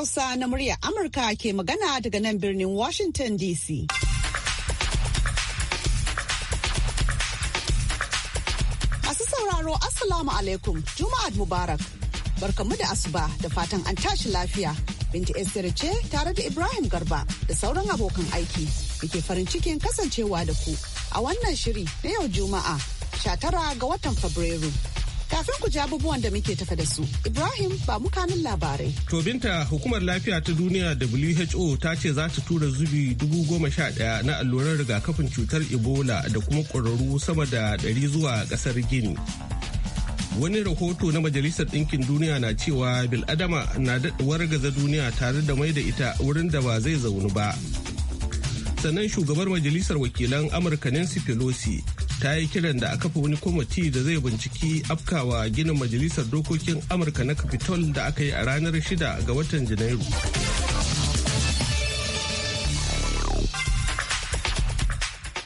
Hausa na muryar Amurka ke magana daga nan birnin Washington DC. Masu sauraro Assalamu alaikum juma'a Mubarak. Barkamu da asuba da fatan an tashi lafiya. Binta Esther ce tare da Ibrahim Garba da sauran abokan aiki da ke farin cikin kasancewa da ku a wannan shiri na yau Juma'a 19 ga watan Fabrairu. Kafin ku ji abubuwan da muke tafa da su, Ibrahim ba mukanin labarai. To binta hukumar lafiya ta duniya WHO ta ce za ta tura zubi dubu goma sha daya na allurar rigakafin cutar Ebola da kuma ƙwararru sama da ɗari zuwa ƙasar Gini. Wani rahoto na Majalisar Ɗinkin Duniya na cewa bil adama na daɗuwar gaza duniya tare da mai da ita wurin da ba zai zaunu ba. Sannan shugabar Majalisar Wakilan Amurka Nancy Pelosi ta yi kiran da aka fi wani kwamiti da zai binciki afkawa ginin majalisar dokokin amurka na capitol da aka yi a ranar shida ga watan janairu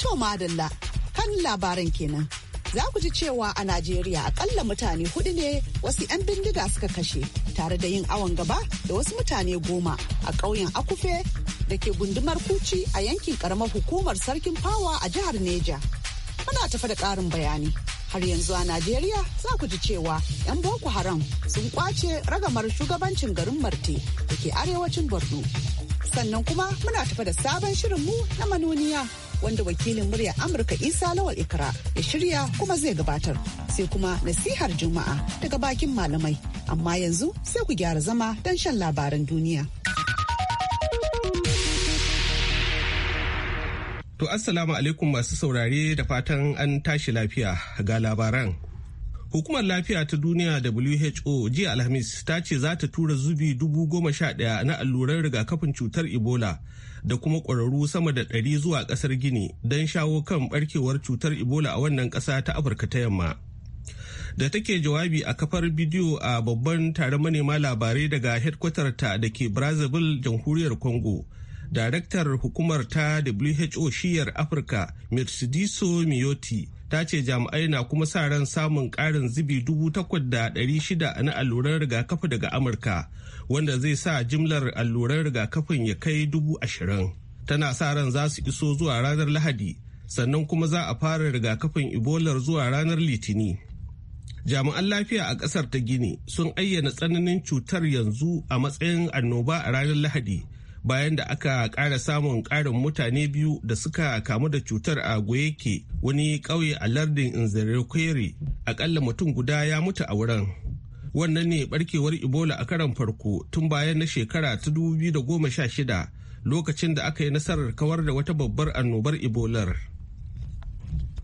to madalla kan labaran kenan za ku ji cewa a Najeriya akalla mutane hudu ne wasu 'yan bindiga suka kashe tare da yin awon gaba da wasu mutane goma a ƙauyen Akufe da ke gundumar Kuci a yankin ƙaramar hukumar Sarkin Fawa a jihar Neja. Muna tafa da ƙarin bayani. Har yanzu a Najeriya za ku ji cewa 'yan Boko Haram sun kwace ragamar shugabancin garin Marte da ke arewacin Borno. Sannan kuma muna tafa da sabon shirin mu na manoniya wanda wakilin murya Amurka Isa Lawal Ikra ya shirya kuma zai gabatar. Sai kuma nasihar Juma'a daga bakin malamai. Amma yanzu sai ku gyara zama don shan labaran duniya. To assalamu alaikum masu saurare da fatan an tashi lafiya ga labaran. Hukumar lafiya ta duniya WHO jiya Alhamis ta ce za ta tura zubi dubu goma sha ɗaya na alluran rigakafin cutar Ebola da kuma ƙwararru sama da ɗari zuwa ƙasar Gini don shawo kan ɓarkewar cutar Ebola a wannan ƙasa ta Afirka ta yamma. Da take jawabi a kafar bidiyo a babban taron manema labarai daga da ke Brazzaville jamhuriyar Congo. daraktar hukumar ta who shiyar afirka mercediso miyoti ta ce jami'ai na kuma sa ran samun karin zubi dubu da shida na alluran rigakafi daga amurka wanda zai sa jimlar alluran rigakafin ya kai dubu ashirin tana sa ran za su iso zuwa ranar lahadi sannan kuma za a fara rigakafin ibolar zuwa ranar litini jami'an lafiya a ƙasar ta gini sun ayyana tsananin cutar yanzu a matsayin annoba a ranar lahadi bayan da aka ƙara samun ƙarin mutane biyu da suka kamu da cutar a goyeke wani ƙauye a lardin inzarekwere akalla mutum guda ya mutu a wurin wannan ne barkewar ebola a karon farko tun bayan na shekara ta 2016 lokacin da aka yi nasarar kawar da wata babbar annobar ebolar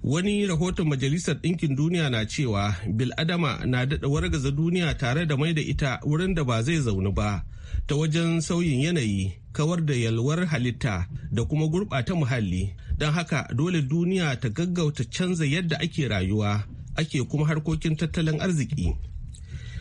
wani rahoton majalisar ɗinkin duniya na cewa biladama na daɗa wargaza duniya tare da mai da ita wurin da ba zai zaune ba ta wajen sauyin yanayi kawar da yalwar halitta da kuma gurɓata muhalli don haka dole duniya ta gaggauta canza yadda ake rayuwa ake kuma harkokin tattalin arziki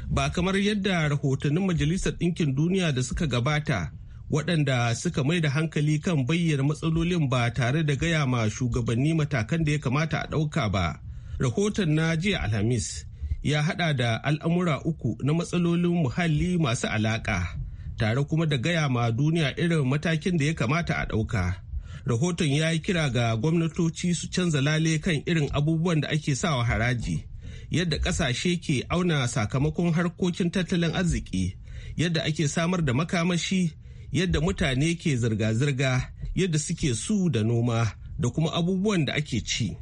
ba kamar yadda rahotannin majalisar ɗinkin duniya da suka gabata waɗanda suka mai da hankali kan bayyana matsalolin ba tare da gaya ma shugabanni matakan da ya kamata a ɗauka ba rahoton na jiya alhamis ya haɗa da al'amura uku na matsalolin muhalli masu alaƙa tare kuma da gaya ma duniya irin matakin da ya kamata a ɗauka. Rahoton ya yi kira ga gwamnatoci su canza lale kan irin abubuwan da ake sawa haraji, yadda ƙasashe ke auna sakamakon harkokin tattalin arziki, yadda ake samar da makamashi, yadda mutane ke zirga-zirga, yadda suke su da noma, da kuma abubuwan da ake ci.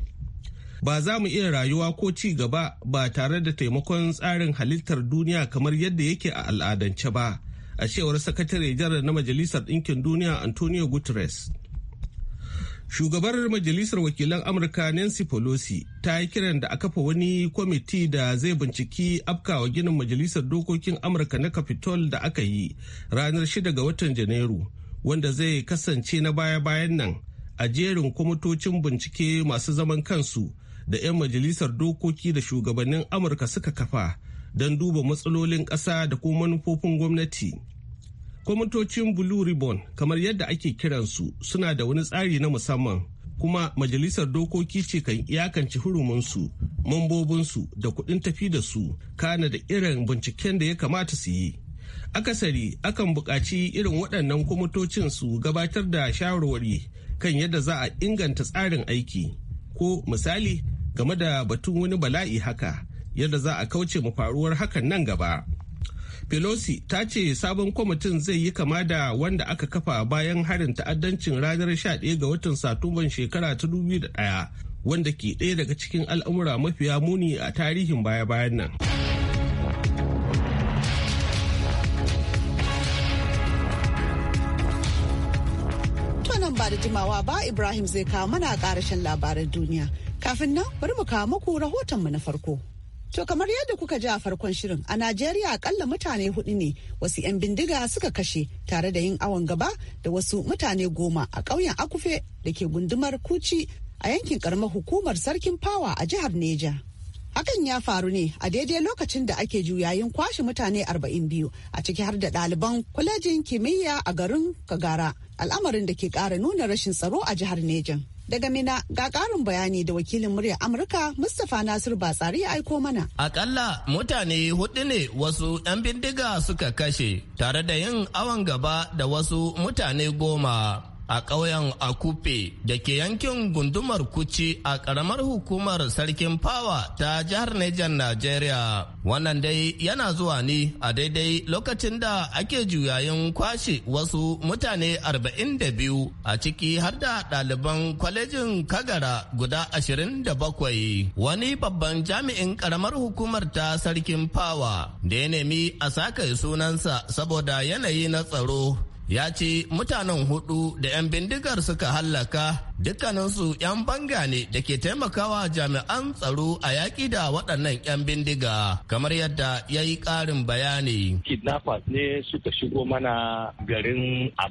ba za mu iya rayuwa ko ci gaba ba tare da taimakon tsarin halittar duniya kamar yadda yake a al'adance ba a cewar sakatare janar na majalisar ɗinkin duniya antonio guterres shugabar majalisar wakilan amurka nancy pelosi ta yi kiran da a kafa wani kwamiti da zai binciki afkawa ginin majalisar dokokin amurka na capitol da aka yi ranar 6 ga watan janairu wanda zai kasance na baya-bayan nan a jerin kwamitocin bincike masu zaman kansu da 'yan majalisar dokoki da shugabannin amurka suka kafa don duba matsalolin ƙasa da kuma manufofin gwamnati. Kwamitocin Blue Ribbon kamar yadda ake kiransu suna da wani tsari na musamman kuma majalisar dokoki ce kan iyakance hurumunsu, mambobinsu da kuɗin tafi da su kana da irin binciken da ya kamata su yi. Akasari akan buƙaci irin waɗannan kwamitocin su gabatar da shawarwari kan yadda za a inganta tsarin aiki ko misali game da batun wani bala'i haka yadda za a kauce mu faruwar hakan nan gaba. Pelosi ta ce sabon kwamitin zai yi kama da wanda aka kafa bayan harin ta'addancin ranar 11 ga watan Satumban shekara ta ɗaya wanda ke ɗaya daga cikin al'amura mafiya muni a tarihin baya-bayan nan. ba da jimawa ba Ibrahim zai kawo mana shan labaran duniya. Kafin nan bari mu kawo muku mu na farko. To kamar yadda kuka ji a farkon shirin a Najeriya akalla mutane hudu ne wasu 'yan bindiga suka kashe tare da yin awon gaba da wasu mutane goma a ƙauyen akufe da ke gundumar kuci a yankin karamar hukumar sarkin fawa a jihar Neja. Hakan ya faru ne a daidai lokacin da ake juyayin kwashe mutane arba'in biyu a ciki har da ɗaliban kwalejin kimiyya a garin Kagara al'amarin da ke ƙara nuna rashin tsaro a jihar Neja. Daga Mina ga ƙarin bayani da wakilin muryar Amurka Mustapha Nasir Batsari ya aiko mana. Akalla mutane hudu ne wasu 'yan bindiga suka kashe tare da yin awon gaba da wasu mutane goma. a ƙauyen akupe da ke yankin gundumar kuci a ƙaramar hukumar sarkin fawa ta jihar Nijar Najeriya. Wannan dai yana zuwa ne a daidai lokacin da ake juyayin kwashe wasu mutane 42 a ciki har da ɗaliban kwalejin Kagara guda 27 wani babban jami'in ƙaramar hukumar ta sarkin fawa da ya nemi a saka sunansa saboda yanayi na tsaro ya ce mutanen hudu da 'yan bindigar suka hallaka dukkaninsu 'yan banga ne da ke taimakawa jami'an tsaro a yaƙi da waɗannan 'yan bindiga kamar yadda ya yi ƙarin bayani. kidnappers ne suka shigo mana garin a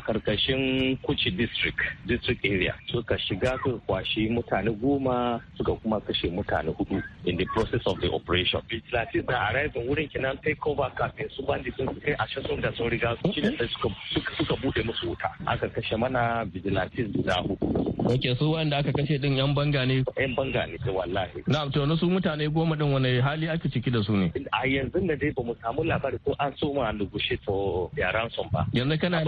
karkashin kuci district district area suka shiga suka kwashi mutane goma suka kuma kashe mutane hudu in the process of the operation. vigilantes na arriving wurin kinan takeover kafin su sun kai a da sun riga suka buɗe musu wuta aka kashe mana bijilati guda uku. Ok, su wanda aka kashe din yan banga ne? Yan banga ne, wallahi. Na to na su mutane goma din wani hali ake ciki da su ne? A yanzu da dai ba mu samu labari ko an so ma gushe to ya ransom ba. Yanzu kana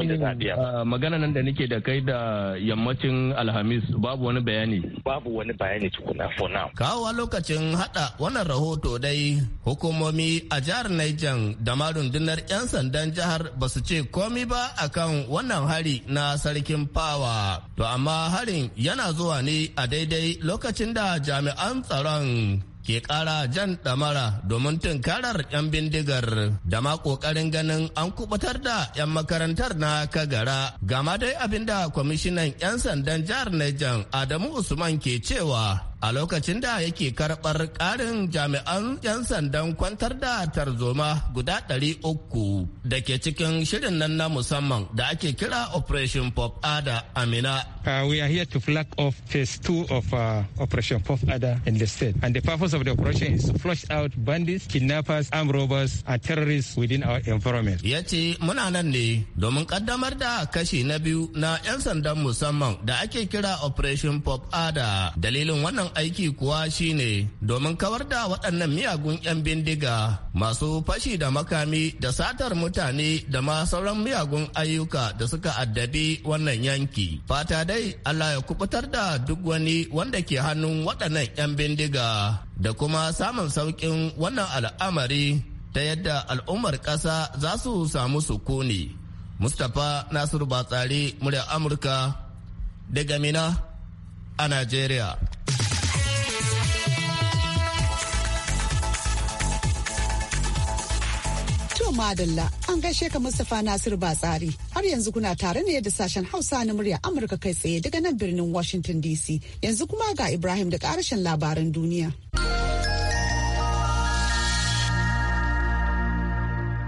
magana nan da nake da kai da yammacin Alhamis babu wani bayani. Babu wani bayani tukuna for now. kawo lokacin hada wannan rahoto dai hukumomi a jihar Niger da ma rundunar 'yan sandan jihar ba su ce komi ba akan wannan hari na sarkin fawa To amma harin yana zuwa ne a daidai lokacin da jami'an tsaron ke kara jan damara domin tunkarar 'yan bindigar da ma kokarin ganin an kubutar da 'yan makarantar na kagara gama dai abinda kwamishinan 'yan sandan jihar Niger Adamu Usman ke cewa a lokacin da yake karɓar ƙarin jami'an 'yan sandan kwantar da tarzoma guda 300 da ke cikin shirin nan na musamman da ake kira operation pop ada amina uh, we are here to flag off phase 2 of uh, operation pop ada in the state and the purpose of the operation is to flush out bandits kidnappers armed robbers and terrorists within our environment ya ce muna nan ne domin kaddamar da kashi na biyu na 'yan sandan musamman da ake kira operation pop ada dalilin wannan aiki kuwa shine domin kawar da waɗannan miyagun 'yan bindiga masu fashi da makami da satar mutane da ma sauran miyagun ayyuka da suka addabi wannan yanki. Fata dai Allah ya kubutar da duk wani wanda ke hannun waɗannan 'yan bindiga da kuma samun sauƙin wannan al'amari ta yadda al'ummar ƙasa za su samu sukuni. Mustapha Nasiru Batsari, murya Amurka, daga Mina a Najeriya. madalla an gaishe ka mustafa Nasiru Batsari har yanzu kuna tare ne da sashen Hausa na murya Amurka kai tsaye daga nan birnin Washington DC yanzu kuma ga Ibrahim da karshen labaran duniya.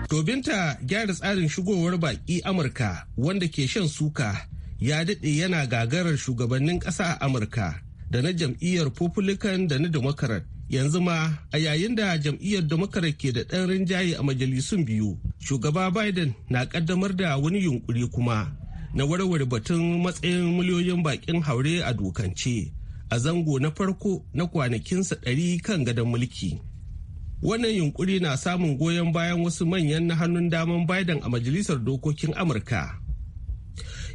Tobinta gyara tsarin shigowar baƙi Amurka wanda ke shan suka ya daɗe yana gagarar shugabannin ƙasa a Amurka da na jam'iyyar Republican da na Democrat yanzu ma a yayin da jam'iyyar damakar ke da ɗan rinjaye a majalisun biyu shugaba biden na ƙaddamar da wani yunkuri kuma na warware batun matsayin miliyoyin baƙin haure a dokance a zango na farko na kwanakinsa ɗari kan gadon mulki wannan yunkuri na samun goyon bayan wasu manyan na hannun daman biden a majalisar dokokin amurka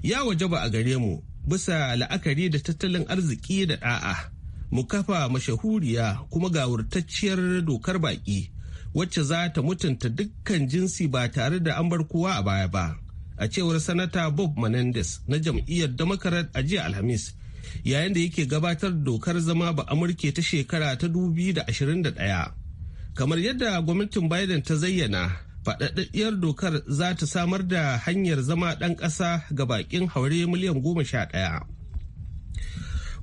ya waje ba a gare mu bisa la'akari da tattalin arziki da ɗa'a. mu kafa mashahuriya kuma gawurtacciyar dokar baƙi wacce za ta mutunta dukkan jinsi ba tare da an bar kowa a baya ba a cewar sanata bob menendez na jam'iyyar democrat a jiya alhamis yayin da yake gabatar dokar zama ba amurke ta shekara ta da 2021 kamar yadda gwamnatin biden ta zayyana faɗaɗɗiyar dokar za ta samar da hanyar zama ɗan ƙasa ga baƙin haure miliyan goma sha ɗaya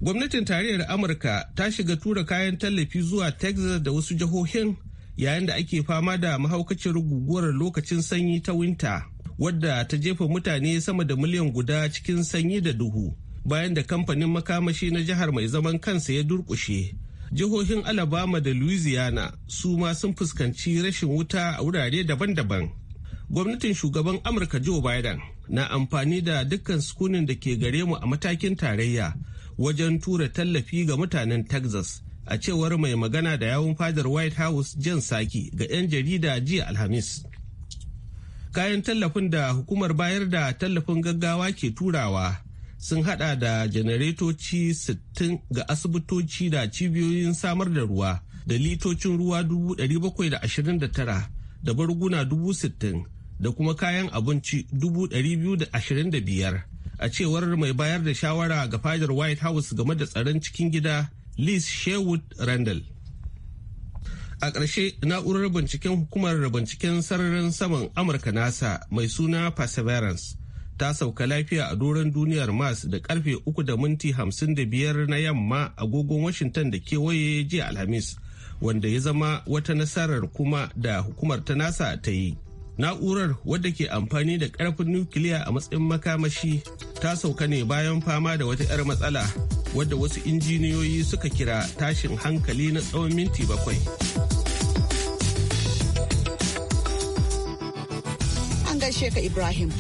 gwamnatin tarayyar amurka ta shiga tura kayan tallafi zuwa texas da wasu jihohin yayin da ake fama da mahaukacin guguwar lokacin sanyi ta winta wadda ta jefa mutane sama da miliyan guda cikin sanyi da duhu bayan da kamfanin makamashi na jihar mai zaman kansa ya durkushe jihohin alabama da louisiana su ma sun fuskanci rashin wuta a wurare daban-daban gwamnatin shugaban amurka joe biden na amfani da dukkan sukunin da ke gare mu a matakin tarayya wajen tura tallafi ga mutanen Texas a cewar mai magana da yawun fadar White House Jan Saki ga 'yan jarida jiya Alhamis. Kayan tallafin da hukumar bayar da tallafin gaggawa ke turawa sun hada da janaretoci 60 ga asibitoci da cibiyoyin samar da ruwa da litocin ruwa 729 da barguna 60 da kuma kayan abinci 225 a cewar mai bayar da shawara ga fadar white house game da tsaron cikin gida liz shewood randall a ƙarshe na'urar binciken hukumar binciken sararin saman amurka nasa mai suna perseverance ta sauka lafiya a doron duniyar mars da karfe 3 da minti 55 na yamma agogon washington da kewaye jiya alhamis wanda ya zama wata nasarar kuma da hukumar ta nasa ta yi na'urar wadda ke amfani da karfin nukiliya a matsayin makamashi ta sauka ne bayan fama da wata 'yar matsala wadda wasu injiniyoyi suka kira tashin hankali na tsawon minti bakwai an gaishe ka ibrahim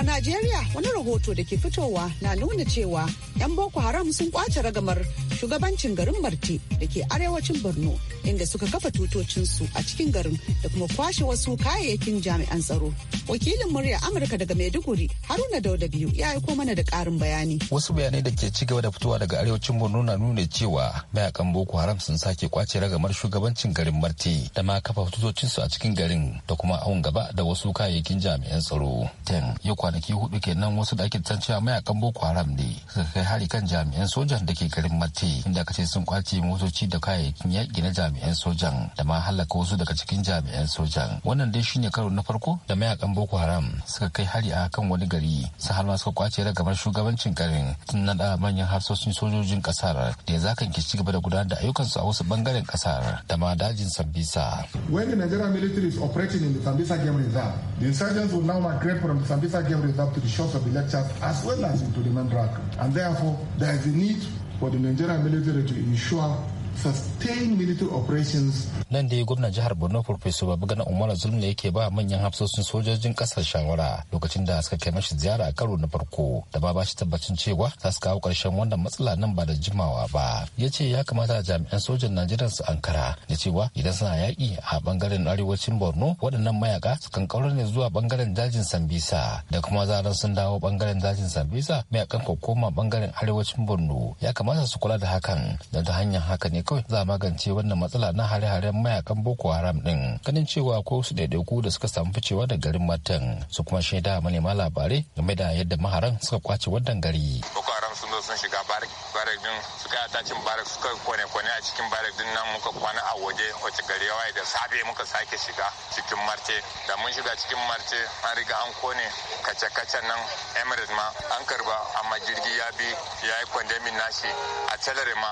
a Najeriya wani rahoto da ke fitowa na nuna cewa 'yan Boko Haram sun kwace ragamar shugabancin garin marti da ke arewacin Borno inda suka kafa tutocinsu a cikin garin da kuma kwashe wasu kayayyakin jami'an tsaro. Wakilin murya Amurka daga Maiduguri Haruna Dauda biyu ya aiko mana da ƙarin bayani. Wasu bayanai da ke ci gaba da fitowa daga arewacin Borno na nuna cewa mayakan Boko Haram sun sake kwace ragamar shugabancin garin marti da ma kafa tutocinsu a cikin garin da kuma awon gaba da wasu kayayyakin jami'an tsaro. Ten ya kwanaki hudu kenan wasu da ake tancewa mayakan Boko Haram ne suka kai hari kan jami'an sojan da ke garin marti. daji inda aka ce sun kwace motoci da kayayyakin yaƙi na jami'an sojan da ma halaka wasu daga cikin jami'an sojan wannan dai shine karo na farko da mayakan boko haram suka kai hari a kan wani gari su har ma suka kwace ragamar shugabancin garin sun naɗa manyan hafsoshin sojojin ƙasar da ya zakan ki ci gaba da gudanar da ayyukansu a wasu bangaren ƙasar da ma dajin sambisa. when the nigerian military is operating in the sambisa game reserve the insurgents will now migrate from the sambisa game reserve to the shores of the lectures as well as into the mandrake and therefore there is a need for the Nigerian military to ensure sustain military operations. Nan dai gwamnan jihar Borno Professor gana Umar Zulum ne yake ba manyan hafsoshin sojojin kasar shawara lokacin da suka kai mashi ziyara a karo na farko da ba shi tabbacin cewa za su kawo karshen wannan matsala nan ba da jimawa ba. Ya ce ya kamata jami'an sojan Najeriya su ankara da cewa idan suna yaƙi a bangaren arewacin Borno waɗannan mayaka kan ƙaurar ne zuwa bangaren dajin Sambisa da kuma zaran sun dawo bangaren dajin Sambisa mayakan ko koma bangaren arewacin Borno ya kamata su kula da hakan da ta hanyar haka ne ne kawai za a magance wannan matsala na hare-haren mayakan boko haram din ganin cewa ko su daidaiku da suka samu ficewa da garin matan su kuma shaida manema labarai game da yadda maharan suka kwace wannan gari boko haram sun zo sun shiga barik din suka yi atacin barak suka kone-kone a cikin barik din nan muka kwana a waje wace gari yawa da safe muka sake shiga cikin marte da mun shiga cikin marte an riga an kone kace-kacen nan emirates ma an karba amma jirgi ya bi ya yi kwandamin nashi a talare ma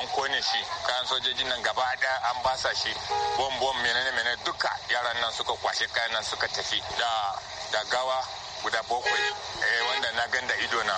an kone shi kayan sojojin nan gaba ɗaya an basa shi bom bom menene menene duka yaran nan suka kwashe kayan nan suka tafi da gawa guda bakwai eh, wanda na ganda ido na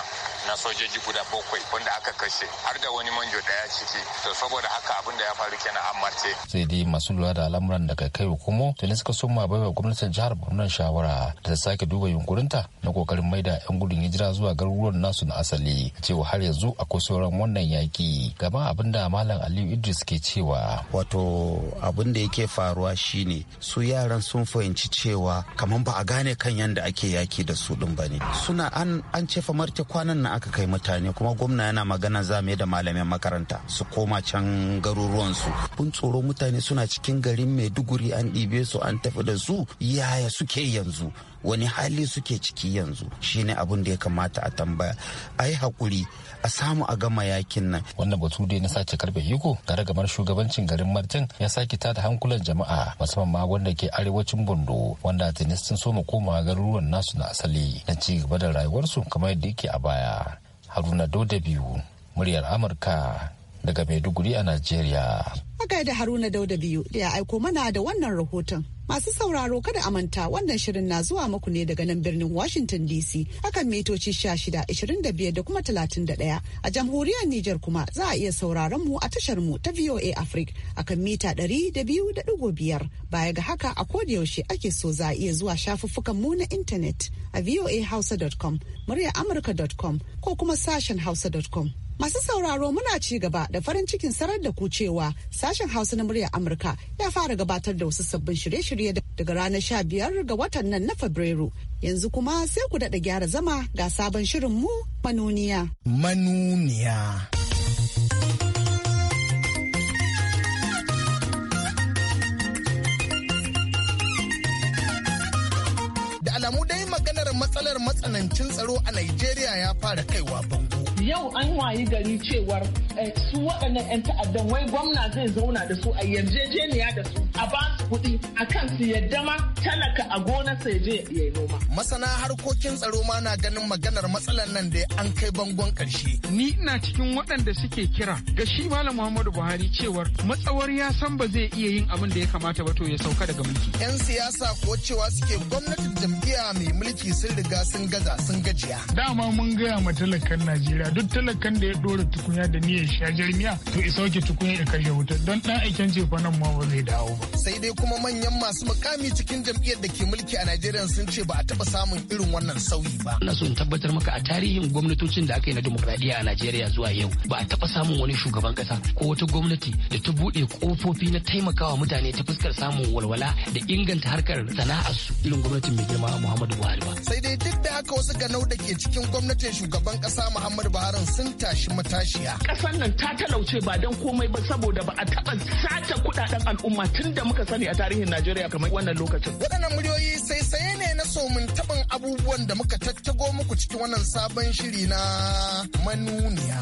na sojoji guda bakwai wanda aka kashe har da wani manjo daya ciki to saboda haka abin da ya faru kenan an marce sai dai masu lura da al'amuran da kai kai hukumo tuni suka soma baiwa gwamnatin jihar Borno shawara da ta sake duba yunkurinta na kokarin maida yan gudun hijira zuwa garuruwan nasu na asali cewa har yanzu akwai sauran wannan yaki gaba abin da malam Aliyu Idris ke cewa wato abin da yake faruwa shine su yaran sun fahimci cewa kamar ba a gane kan yanda ake yaki da da su din bane suna an cefa marta kwanan na aka kai mutane kuma gwamna yana magana za mu da malamin makaranta su koma can garuruwan su kun tsoro mutane suna cikin garin Maiduguri an ɗibe su an tafi da su yaya suke yanzu wani hali suke ciki yanzu shine abin da ya kamata a tambaya a yi haƙuri a samu a gama yakin nan wannan batu dai na sace karfe hiko ga ragamar shugabancin garin martin ya sake tada hankulan jama'a musamman ma wanda ke arewacin bondo wanda tenis sun soma koma garuruwan nasu na asali na ci gaba da rayuwarsu kamar yadda yake a baya haruna dauda biyu muryar amurka daga maiduguri a nigeria. haka da haruna dauda biyu da ya aiko mana da wannan rahoton Masu sauraro kada a manta wannan shirin na zuwa muku ne daga nan birnin Washington DC akan mitoci 1625 da kuma 31 a jamhuriyar Nijar kuma za a iya sauraron mu a tashar mu ta VOA Africa akan mita 200.5 baya ga haka a yaushe ake so za a iya zuwa shafuffukan mu na intanet a voahausa.com, murya amurka.com ko kuma sashen hausa.com. Masu sauraro muna ci gaba da farin cikin sarar da ku cewa sashen Hausa na muryar Amurka ya fara gabatar da wasu sabbin shirye-shirye daga ranar sha biyar ga watan nan na Fabrairu. Yanzu kuma sai ku daɗa gyara zama ga sabon shirin mu manuniya. Manuniya. alamu dai maganar matsalar matsanancin tsaro a Najeriya ya fara kaiwa bango. Yau an wayi gari cewar eh, su waɗannan 'yan ta'addan wai gwamna zai zauna da su a yarjejeniya da su a ba kuɗi kan su ya dama talaka a gona ya je ya yi noma. Masana harkokin tsaro ma na ganin maganar matsalar nan da an kai bangon ƙarshe. Ni ina cikin waɗanda suke kira ga shi Malam Muhammadu Buhari cewar matsawar ya san ba zai iya yin abin da ya kamata ba to ya sauka daga mulki. 'Yan siyasa ko cewa suke gwamnatin jam'iyya mai mulki sun riga sun gaza sun gajiya. Dama mun gaya ma talakan Najeriya duk talakan da ya ɗora tukunya da niyyar sha jarmiya to isa sauke tukunya ya kashe wuta don ɗan aiken jefa nan ma ba zai dawo ba. Sai dai kuma manyan masu mukami cikin jam'iyyar da ke mulki a Najeriya sun ce ba a taba samun irin wannan sauyi ba. Ina son tabbatar maka a tarihin gwamnatocin da aka yi na demokradiyya a Najeriya zuwa yau ba a taba samun wani shugaban kasa ko wata gwamnati da ta bude kofofi na taimakawa mutane ta fuskar samun walwala da inganta harkar sana'ar su irin gwamnatin mai girma Muhammadu Buhari ba. Sai dai duk da haka wasu ganau da ke cikin gwamnatin shugaban kasa Muhammadu Buhari sun tashi matashiya. Ƙasar nan ta talauce ba don komai ba saboda ba a taba sace kuɗaɗen al'umma tun da muka sani ne a tarihin Najeriya kamar wannan lokacin. Waɗannan muryoyi sai saye ne na somin taɓin abubuwan da muka tattago muku cikin wannan sabon shiri na manuniya.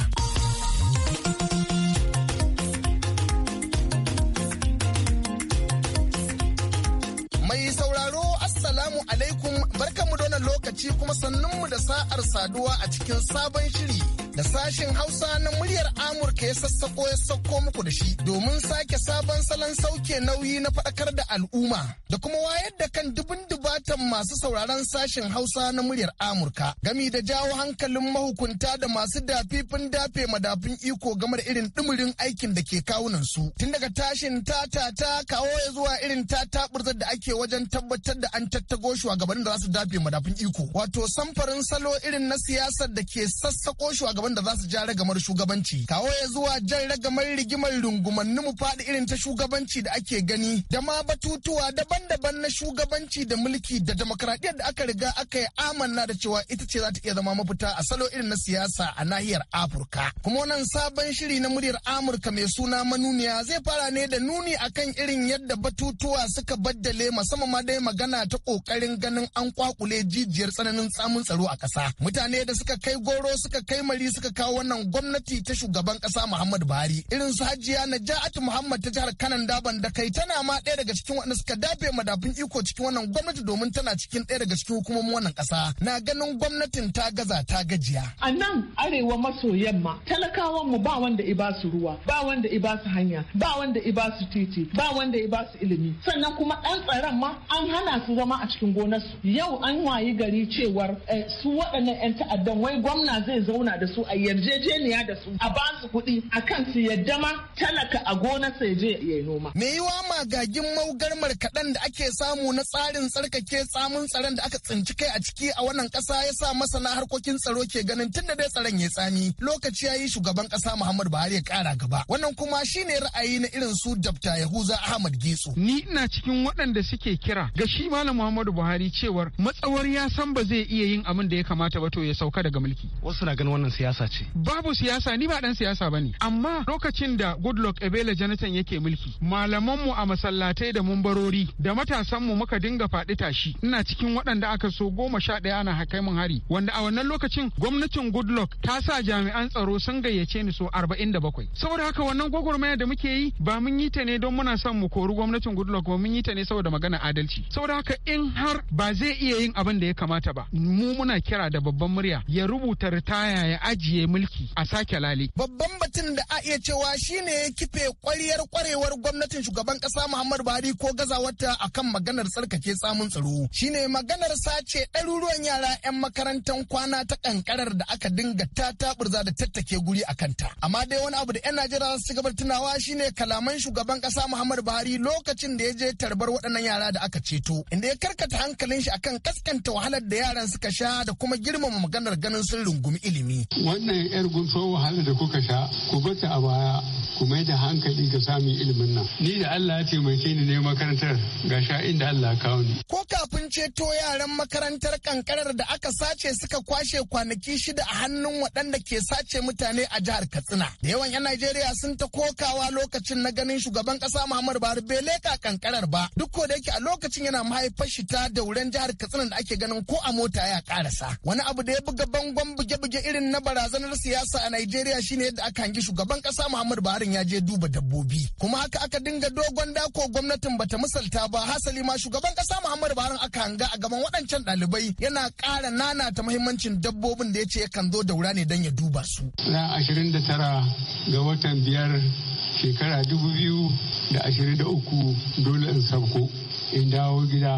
Mai sauraro Assalamu alaikum barkanmu da wannan lokaci kuma sannunmu da sa'ar saduwa a cikin sabon shiri. da sashen Hausa na muryar Amurka ya sassako ya sauko muku da shi domin sake sabon salon sauke nauyi na faɗakar da al'umma da kuma wayar da kan dubun dubatan masu sauraron sashen Hausa na muryar Amurka gami da jawo hankalin mahukunta da masu dafifin dafe madafin iko game da irin ɗumurin aikin da ke kawunan su tun daga tashin tata ta kawo ya zuwa irin ta taburzar da ake wajen tabbatar da an tattago shugabannin da za su dafe madafin iko wato samfarin salo irin na siyasar da ke sassako shugabannin shugaban da za su ja ragamar shugabanci kawo ya zuwa jan ragamar rigimar rungumanni mu faɗi irin ta shugabanci da ake gani da ma batutuwa daban-daban na shugabanci da mulki da demokradiyyar da aka riga aka yi amanna da cewa ita ce za ta iya zama mafita a salo irin na siyasa a nahiyar afirka kuma wannan sabon shiri na muryar amurka mai suna manuniya zai fara ne da nuni akan irin yadda batutuwa suka baddale musamman ma dai magana ta kokarin ganin an kwakule jijiyar tsananin tsamin tsaro a ƙasa mutane da suka kai goro suka kai mari suka kawo wannan gwamnati ta shugaban kasa Muhammadu Buhari irin su Hajiya Naja'atu Muhammad ta jihar Kanan Daban da kai tana ma ɗaya daga cikin waɗanda suka dafe madafin iko cikin wannan gwamnati domin tana cikin ɗaya daga cikin hukumomin wannan kasa na ganin gwamnatin ta gaza ta gajiya. A nan arewa maso yamma talakawan mu ba wanda i ba su ruwa ba wanda i ba su hanya ba wanda i ba su titi ba wanda i ba su ilimi sannan kuma ɗan tsaron ma an hana su zama a cikin gonarsu yau an wayi gari cewar eh, su waɗannan 'yan ta'addan wai gwamna zai zauna da su a yarjejeniya da su a ba su kuɗi a kan su yadda ma talaka a gona sai je ya noma. Me yiwa magagin maugar markaɗen da ake samu na tsarin tsarkake tsamin tsaron da aka tsinci kai a ciki a wannan ƙasa ya sa masana harkokin tsaro ke ganin tun da dai tsaron ya tsami lokaci ya yi shugaban ƙasa Muhammadu Buhari ya ƙara gaba. Wannan kuma shine ra'ayi na irin su Dabta Yahuza Ahmad Gesu. Ni ina cikin waɗanda suke kira ga shi Malam Muhammadu Buhari cewar matsawar ya san ba zai iya yin abin da ya kamata ba to ya sauka daga mulki. Wasu na ganin wannan siyasa siyasa ce babu siyasa ni ba dan siyasa bane amma lokacin da goodluck ebele jonathan yake mulki malaman mu a masallatai da mumbarori da matasan mu muka dinga faɗi tashi ina cikin waɗanda aka so goma sha ɗaya ana hakai mun hari wanda a wannan lokacin gwamnatin goodluck ta sa jami'an tsaro sun gayyace ni so arba'in da bakwai saboda haka wannan gwagwarmaya da muke yi ba mun yi ta ne don muna son mu kori gwamnatin goodluck ba mun yi ta ne saboda magana adalci saboda haka in har ba zai iya yin abin da ya kamata ba mu muna kira da babban murya ya rubuta ritaya ya aji ajiye mulki a sake lale. Babban batun da a iya cewa shine ya kife kwariyar kwarewar gwamnatin shugaban kasa muhammad Buhari ko a kan maganar tsarkake tsamun tsaro. Shine maganar sace ɗaruruwan yara 'yan makarantar kwana ta ƙanƙarar da aka dinga ta taburza da tattake guri a kanta. Amma dai wani abu da 'yan Najeriya su gabar tunawa shine kalaman shugaban kasa Muhammadu Buhari lokacin da ya je tarbar waɗannan yara da aka ceto. Inda ya karkata hankalin shi akan kaskanta wahalar da yaran suka sha da kuma girmama maganar ganin sun rungumi ilimi. wannan yar gunso wahala da kuka sha ku bata a baya ku mai da hankali ga samun ilimin nan ni da Allah ya taimake ni ne makarantar ga sha inda Allah ya kawo ni ko ka kafin ceto yaran makarantar kankarar da aka sace suka kwashe kwanaki shida a hannun waɗanda ke sace mutane a jihar Katsina. Da yawan 'yan Najeriya sun ta kokawa lokacin na ganin shugaban ƙasa Muhammadu Buhari bai leka kankarar ba. Duk ko da yake a lokacin yana mahaifar shi ta dauren jihar Katsina da ake ganin ko a mota ya karasa. Wani abu da ya buga bangon buge-buge irin na barazanar siyasa a Najeriya shine yadda aka hangi shugaban ƙasa Muhammadu Buhari ya je duba dabbobi. Kuma haka aka dinga dogon dako gwamnatin bata misalta ba hasali ma shugaban ƙasa Muhammadu Buhari labarin aka hanga a gaban waɗancan ɗalibai yana ƙara nana ta mahimmancin dabbobin da ya ce yakan zo da wura ne don ya duba su. Ran ashirin da tara ga watan biyar shekara dubu biyu da ashirin da uku dole in sauko in dawo gida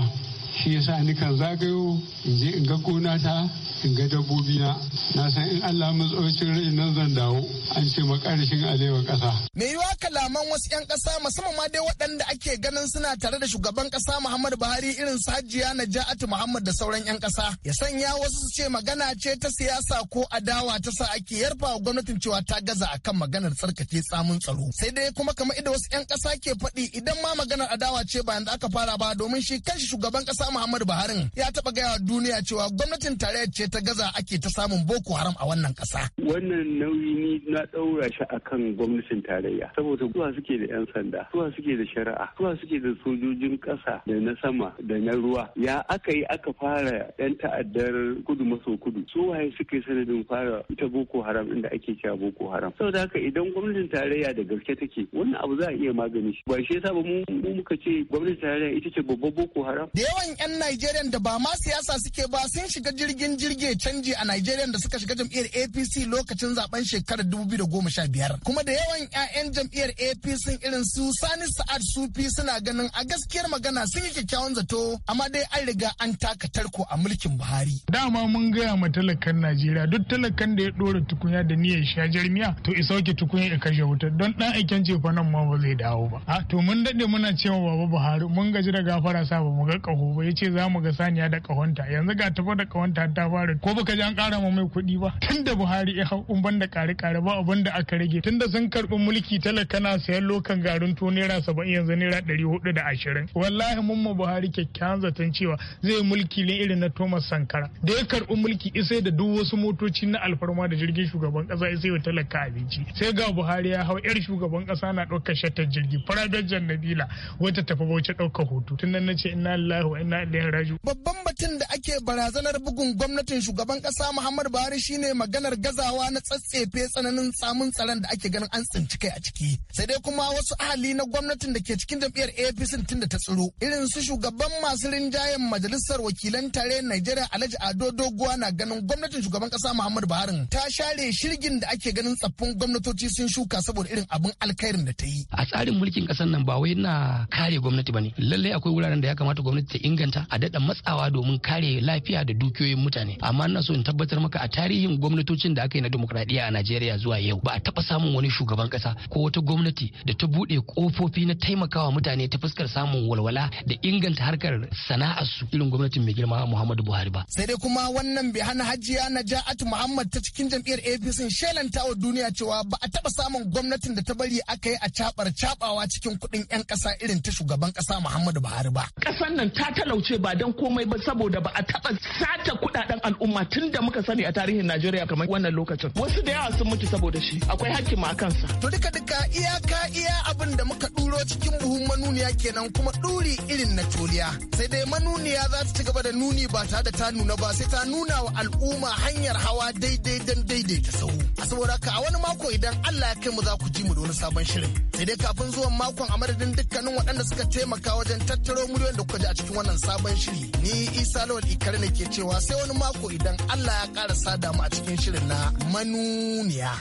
shi yasa kan zagayo in je in ga gona ta in ga dabbobi na na san in Allah matsocin rai nan zan dawo an ce karshen alewa kasa me yiwa kalaman wasu yan kasa musamman ma dai waɗanda ake ganin suna tare da shugaban kasa Muhammadu Buhari irin su Hajiya Naja'atu Muhammad da sauran yan kasa ya sanya wasu su ce magana ce ta siyasa ko adawa ta sa ake yarfa gwamnatin cewa ta gaza akan maganar tsarkake tsamin tsaro sai dai kuma kamar idan wasu yan kasa ke faɗi idan ma maganar adawa ce ba da aka fara ba domin shi kanshi shugaban kasa Muhammadu Buhari ya taba gaya wa duniya cewa gwamnatin tarayyar ce ta gaza ake ta samun Boko Haram a wannan kasa. Wannan nauyi ni na ɗaura shi a kan gwamnatin tarayya saboda suwa suke da 'yan sanda, suwa suke da shari'a, suwa suke da sojojin kasa da na sama da na ruwa. Ya aka yi aka fara 'yan ta'addar kudu maso kudu su waye suke sanadin fara ita Boko Haram inda ake cewa Boko Haram. Saboda haka idan gwamnatin tarayya da gaske take wannan abu za a iya magani shi. Ba shi yasa ba mu muka ce gwamnatin tarayya ita ce babbar Boko Haram. Da yawan 'yan Najeriya da ba ma siyasa suke ba sun shiga jirgin jirge canji a Najeriya da suka shiga jam'iyyar APC lokacin zaben shekarar 2015. Kuma da yawan 'ya'yan jam'iyyar APC irin su Sani Sa'ad Sufi suna ganin a gaskiyar magana sun yi kyakkyawan zato amma dai an riga an taka tarko a mulkin Buhari. Dama mun gaya ma talakan Najeriya duk talakan da ya dora tukunya da niyyar sha jarmiya to i sauke tukunya ya kashe wuta don dan aiken jefa nan ma ba zai dawo ba. A ah, to mun dade muna cewa Baba Buhari mun gaji da gafara sa ba mu ga kaho ya ce za mu ga saniya da kahonta yanzu ga tafa da kahonta ta fara ko baka ji an kara ma mai kuɗi ba tun da buhari ya hau ban da kare kare ba abin da aka rage tun da sun karɓi mulki talaka na sayan lokan garin to naira saba'in yanzu naira ɗari hudu da ashirin wallahi mun ma buhari kyakkyawan zaton cewa zai mulki ne irin na thomas sankara da ya karɓi mulki isai da duk wasu motoci na alfarma da jirgin shugaban kasa isai wa talaka abinci sai ga buhari ya hau yar shugaban kasa na ɗaukar shatar jirgi jan nabila wata tafi bauchi ɗaukar hoto tun nan na ce inna lillahi wa na raju. Babban batun da ake barazanar bugun gwamnatin shugaban ƙasa Muhammadu Buhari shine maganar gazawa na tsatsefe tsananin samun tsaron da ake ganin an tsinci kai a ciki. Sai dai kuma wasu ahali na gwamnatin da ke cikin jam'iyyar APC tun da ta tsiro. Irin su shugaban masu rinjayen majalisar wakilan tare Najeriya Alhaji Ado Doguwa na ganin gwamnatin shugaban ƙasa Muhammadu Buhari ta share shirgin da ake ganin tsaffin gwamnatoci sun shuka saboda irin abin alkhairin da ta yi. A tsarin mulkin ƙasar nan ba wai na kare gwamnati ba ne. Lallai akwai wuraren da ya kamata gwamnati ta inganta inganta a daɗa matsawa domin kare lafiya da dukiyoyin mutane amma na so in tabbatar maka a tarihin gwamnatocin da aka yi na demokradiyya a Najeriya zuwa yau ba a taɓa samun wani shugaban ƙasa ko wata gwamnati da ta buɗe ƙofofi na taimakawa mutane ta fuskar samun walwala da inganta harkar sana'arsu irin gwamnatin mai girma Muhammadu Buhari ba. Sai dai kuma wannan bai hana Hajiya Naja'atu Muhammad ta cikin jam'iyyar APC shelanta wa duniya cewa ba a taɓa samun gwamnatin da ta bari aka yi a caɓar caɓawa cikin kuɗin 'yan ƙasa irin ta shugaban ƙasa Muhammadu Buhari ba. Ƙasar nan ta tala kakauce ba dan komai ba saboda ba a taba sata kudaden al'umma tun da muka sani a tarihin Najeriya kamar wannan lokacin wasu da yawa sun mutu saboda shi akwai hakki ma kansa to duka duka iyaka iya abin da muka duro cikin buhun manuniya kenan kuma duri irin na toliya sai dai manuniya za ta ci gaba da nuni ba ta da ta nuna ba sai ta nuna wa al'umma hanyar hawa daidai dan ta sahu a saboda ka a wani mako idan Allah ya kai mu za ku ji mu da wani sabon shirin sai dai kafin zuwan makon a madadin dukkanin waɗanda suka taimaka wajen tattaro miliyoyin da kuka ji a cikin wannan sabon shiri ni isa lawal ikar ne ke cewa sai wani mako idan allah ya kara sada mu a cikin shirin na manuniya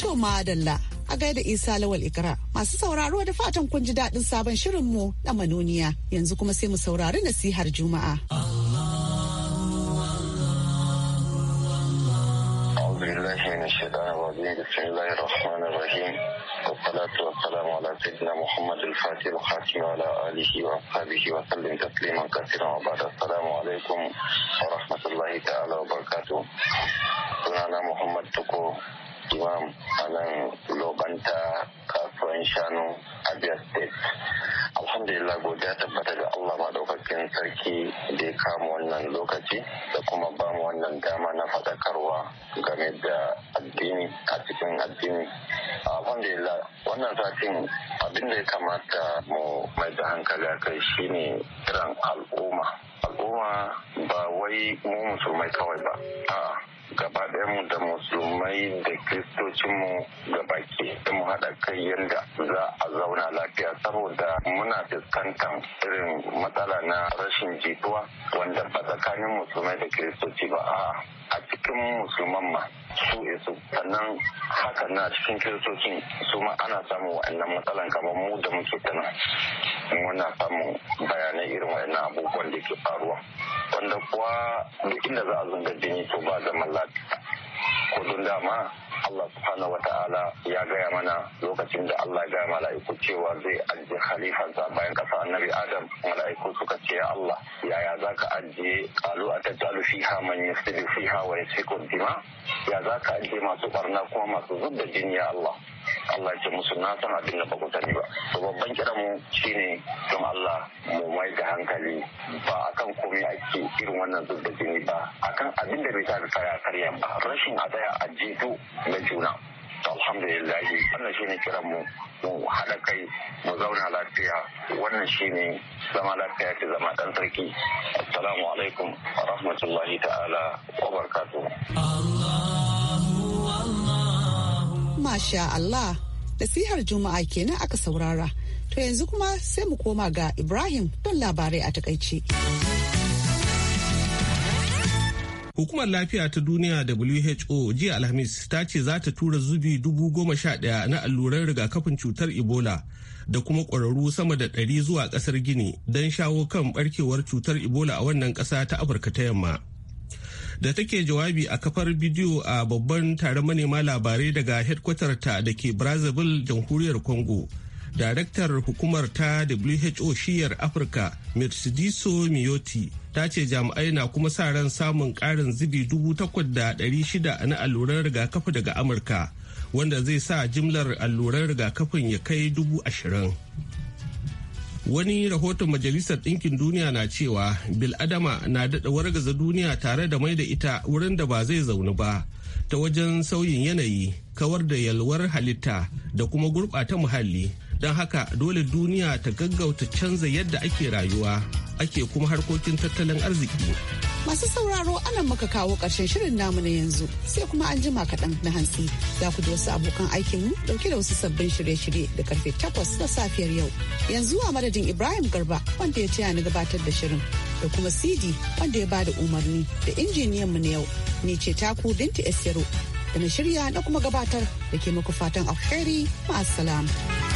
to madalla a gaida isa lawal ikara masu sauraro da fatan kun ji daɗin sabon shirin mu na manuniya yanzu kuma sai mu saurari nasihar juma'a. الشيطان الرجيم بسم الله الرحمن الرحيم والصلاة والسلام على سيدنا محمد الفاتح الخاتم وعلى آله وأصحابه وسلم تسليما كثيرا وبعد السلام عليكم ورحمة الله تعالى وبركاته سنانا محمد تكو إمام أنا لو بنتا kasuwan shanu a biyar state alhamdulillah godiya tabbata ga allah maɗaukakin sarki da ya kama wannan lokaci da kuma ba mu wannan dama na faɗakarwa game da addini a cikin addini alhamdulillah wannan satin abin da ya kamata mu mai da hankali a kai shine kiran al'umma al'umma ba wai mu musulmai kawai ba a'a gaba mu da musulmai da kiristocinmu gabaki da mu haɗa kai yadda za a zauna lafiya saboda muna fuskantar irin matsala na rashin jituwa wanda ba tsakanin musulmai da kiristoci ba a a cikin musulman ma su isu sannan haka na cikin kiristocin su ma ana samun wa'annan matsalan kamar mu da muke tana muna samun bayanai irin wayannan abubuwan da ke faruwa wanda kuwa duk inda za a zunga jini to ba zaman lafiya ko don dama Allah subhanahu wa ta'ala ya gaya mana lokacin da Allah gaya mala'iku cewa zai ajiye khalifansa bayan kasa annabi Adam mala'iku suka ce ya Allah yaya za ka ajiye kalu a tajalu fiha man yufsidu fiha wa yasfiku dima ya za ka ajiye masu barna kuma masu zub da jini ya Allah Allah ce musu na san abin da ba ku ba to babban kiran mu shine don Allah mu mai da hankali ba akan komai ake irin wannan zub jini ba akan abin da bai sa kaya karya ba rashin a tsaya a jitu na juna alhamdulillah wannan shine kiran mu mu haɗa kai mu zauna lafiya wannan shine zama lafiya ta zama ɗan sarki assalamu alaikum wa rahmatullahi ta'ala wa barakatuh Masha Allah, nasihar Juma'a kenan aka saurara. To yanzu kuma sai mu koma ga Ibrahim don labarai a takaice. Hukumar lafiya ta duniya WHO jiya Alhamis ta ce za ta tura zubi dubu goma sha ɗaya na alluran rigakafin cutar Ebola da kuma kwararru sama da ɗari zuwa ƙasar Gini don shawo kan ɓarkewar cutar Ebola a wannan ƙasa ta Afirka ta Yamma. da take jawabi a kafar bidiyo a babban taron manema labarai daga ta da ke brazzaville jamhuriyar congo daraktar hukumar ta who shiyar afirka mercedes miyoti ta ce jami'ai na kuma sa ran samun karin zubi shida na alluran rigakafi daga amurka wanda zai sa jimlar alluran rigakafin ya kai dubu ashirin. wani rahoton majalisar ɗinkin duniya na cewa bil adama na daɗa wargaza duniya tare da mai da ita wurin da ba zai zaune ba ta wajen sauyin yanayi kawar da yalwar halitta da kuma gurɓata muhalli don haka dole duniya ta gaggauta canza yadda ake rayuwa ake kuma harkokin tattalin arziki masu sauraro anan muka kawo ƙarshen shirin namu na yanzu sai kuma an jima kaɗan na hantsi za ku da wasu abokan aikinmu ɗauke da wasu sabbin shirye-shirye da karfe takwas na safiyar yau yanzu a madadin ibrahim garba wanda ya caya ni gabatar da shirin da kuma cd wanda ya bada umarni da injiniyan mu na yau ni ce taku binta esero da na shirya na kuma gabatar da ke muku fatan alheri ma'asalam.